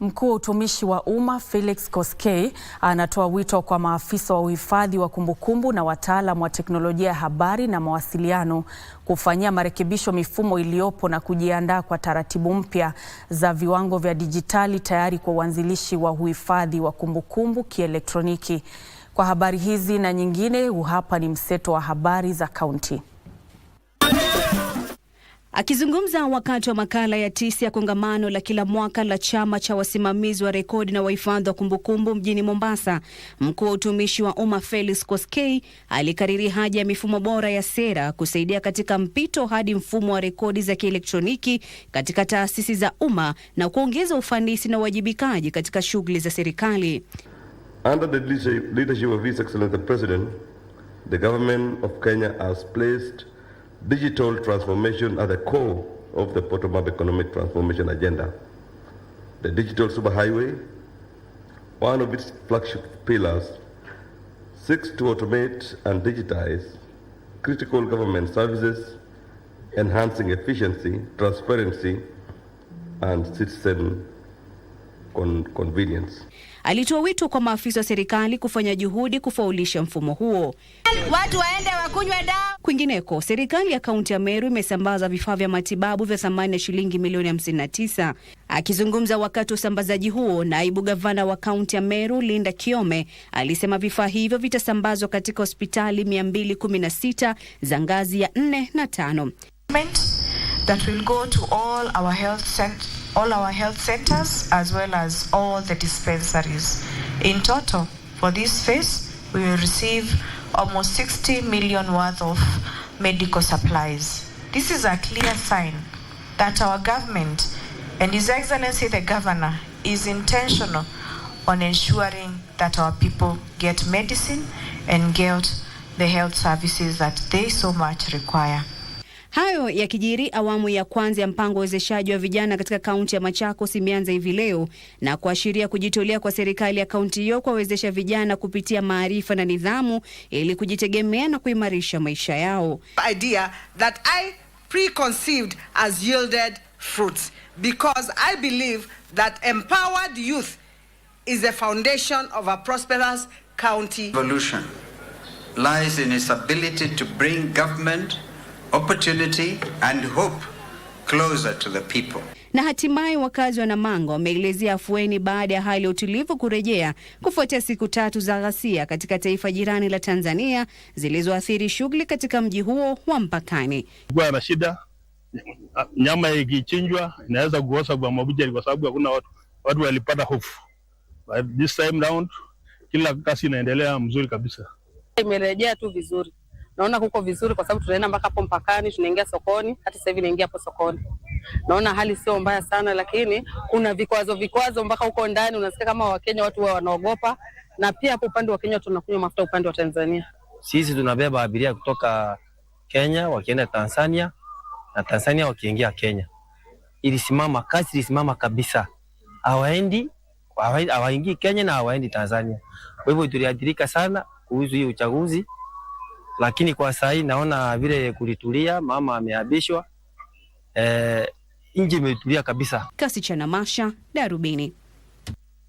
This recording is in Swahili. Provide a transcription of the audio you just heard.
Mkuu wa utumishi wa umma Felix Koskei anatoa wito kwa maafisa wa uhifadhi wa kumbukumbu na wataalam wa teknolojia ya habari na mawasiliano kufanyia marekebisho mifumo iliyopo na kujiandaa kwa taratibu mpya za viwango vya dijitali tayari kwa uanzilishi wa uhifadhi wa kumbukumbu kielektroniki. Kwa habari hizi na nyingine, huu hapa ni mseto wa habari za kaunti. Akizungumza wakati wa makala ya tisa ya kongamano la kila mwaka la chama cha wasimamizi wa rekodi na wahifadhi wa kumbukumbu mjini Mombasa, mkuu wa utumishi wa umma Felix Koskei alikariri haja ya mifumo bora ya sera kusaidia katika mpito hadi mfumo wa rekodi za kielektroniki katika taasisi za umma na kuongeza ufanisi na uwajibikaji katika shughuli za serikali. Under the leadership of His Excellency the President, the government of Kenya has placed digital transformation at the core of the Bottom-up economic transformation agenda. The digital superhighway, one of its flagship pillars, seeks to automate and digitize critical government services, enhancing efficiency, transparency, and citizen con convenience. Alitoa wito kwa maafisa wa serikali kufanya juhudi kufaulisha mfumo huo. Watu waende wakunywe dawa Kwingineko, serikali ya kaunti ya Meru imesambaza vifaa vya matibabu vya thamani ya shilingi milioni 59. Akizungumza wakati wa usambazaji huo, naibu gavana wa kaunti ya Meru Linda Kiome alisema vifaa hivyo vitasambazwa katika hospitali 216 za ngazi ya 4 na 5 that will go to all our health cent all our health centers as well as all the dispensaries. In total, for this phase, we will receive almost 60 million worth of medical supplies. This is a clear sign that our government and His Excellency the Governor is intentional on ensuring that our people get medicine and get the health services that they so much require. Hayo yakijiri, awamu ya kwanza ya mpango wa wezeshaji wa vijana katika kaunti ya Machakos imeanza hivi leo na kuashiria kujitolea kwa serikali ya kaunti hiyo kuwawezesha vijana kupitia maarifa na nidhamu ili kujitegemea na kuimarisha maisha yao. Idea that I preconceived as yielded fruits because I believe that empowered youth is the foundation of a prosperous county. Evolution lies in its ability to bring government opportunity and hope closer to the people. Na hatimaye wakazi wa Namanga wameelezea afueni baada ya hali ya utulivu kurejea kufuatia siku tatu za ghasia katika taifa jirani la Tanzania zilizoathiri shughuli katika mji huo wa mpakani. Kulikuwa na shida, nyama ikichinjwa inaweza kuosa kwa mabuchari kwa sababu hakuna watu, watu walipata hofu. But this time round kila kasi inaendelea mzuri kabisa, imerejea tu vizuri naona kuko vizuri, kwa sababu tunaenda mpaka hapo mpakani, tunaingia sokoni. Hata sasa hivi naingia hapo sokoni, naona hali sio mbaya sana, lakini kuna vikwazo vikwazo mpaka huko ndani. Unasikia kama Wakenya watu wao wanaogopa, na pia hapo upande wa Kenya tunakunywa mafuta, upande wa Tanzania sisi tunabeba abiria kutoka Kenya wakienda Tanzania na Tanzania wakiingia Kenya. Ilisimama, kasi ilisimama kabisa, hawaendi hawaingii Kenya na hawaendi Tanzania. Kwa hivyo tuliathirika sana kuhusu hii uchaguzi lakini kwa saa hii naona vile kulitulia, mama ameabishwa, e, eh, nji imetulia kabisa. Kasi cha Namasha, Darubini.